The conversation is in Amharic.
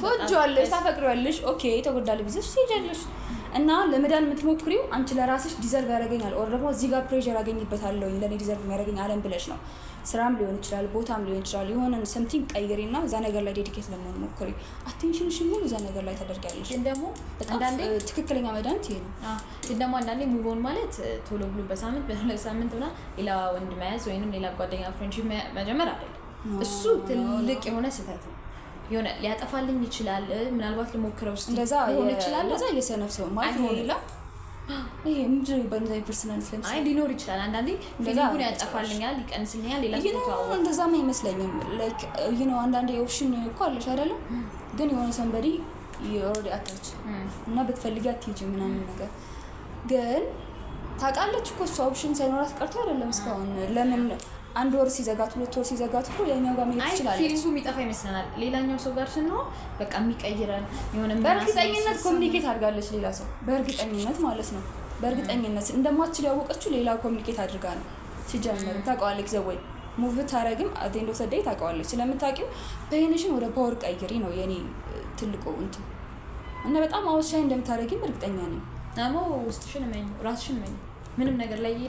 ትወጂዋለሽ፣ ታፈቅሪዋለሽ። ኦኬ ተጎዳለ ብዘሽ ትሄጃለሽ እና ለመዳን የምትሞክሪው አንቺ ለራስሽ ዲዘርቭ ያደረገኛል ኦር ደግሞ እዚህ ጋር ፕሬዥር ያገኝበታለሁ ለእኔ ዲዘርቭ የሚያደረገኝ አለም ብለሽ ነው። ስራም ሊሆን ይችላል፣ ቦታም ሊሆን ይችላል። የሆነ ሰምቲንግ ቀይሪ እና እዛ ነገር ላይ ዴዲኬት ለመሆን ሞክሪ። አቴንሽንሽ ሙሉ እዛ ነገር ላይ ታደርጊያለሽ። ግን ደግሞ ትክክለኛ መድኃኒት ይሄ ነው። ግን ደግሞ አንዳንዴ ሙቭ ማለት ቶሎ ብሎ በሳምንት በሁለት ሳምንት ሆና ሌላ ወንድ መያዝ ወይም ሌላ ጓደኛ ፍሬንድሺፕ መጀመር አይደለም። እሱ ትልቅ የሆነ ስህተት ነው። የሆነ ሊያጠፋልኝ ይችላል፣ ምናልባት ልሞክረው ስ ሆን ይችላል። ለዛ የሰነፍ ሰው ማለት ሆንላ ይሄ ምንድን በእንደዚህ ፐርሰናል አይ ሊኖር ይችላል። አንዳንዴ ፊሊንጉን ያጠፋልኛል፣ ይቀንስልኛል። ሌላ እንደዛም አይመስለኝም። ላይክ ዩ ኖ አንዳንዴ ኦፕሽን እኮ አለሽ አይደለም? ግን የሆነ ሰንበዲ የኦልሬዲ አታች እና ብትፈልጊ አትሄጂ ምናምን ነገር ግን ታውቃለች እኮ እሷ ኦፕሽን ሳይኖራት ቀርቶ አይደለም እስካሁን ለምን አንድ ወር ሲዘጋት ሁለት ወር ሲዘጋት እኮ ያኛው ጋር መሄድ ይችላል። ፊሊንጉ የሚጠፋ ይመስለናል። ሌላኛው ሰው ጋር ስንሆን በቃ የሚቀይረን የሆነ በእርግጠኝነት ኮሚኒኬት አድርጋለች ሌላ ሰው በእርግጠኝነት ማለት ነው። በእርግጠኝነት እንደማትችል ያወቀችው ሌላ ኮሚኒኬት አድርጋ ነው። ሲጀምር ታውቀዋለች። ዘወይ ሙቭ ታረግም አቴንዶ ሰደይ ታውቀዋለች። ስለምታውቂው ፔንሽን ወደ ፓወር ቀይሪ ነው የኔ ትልቁ እንትን እና በጣም አውሻይ እንደምታደረግም እርግጠኛ ነኝ። ውስጥሽን መኝ ራስሽን መኝ ምንም ነገር ላይ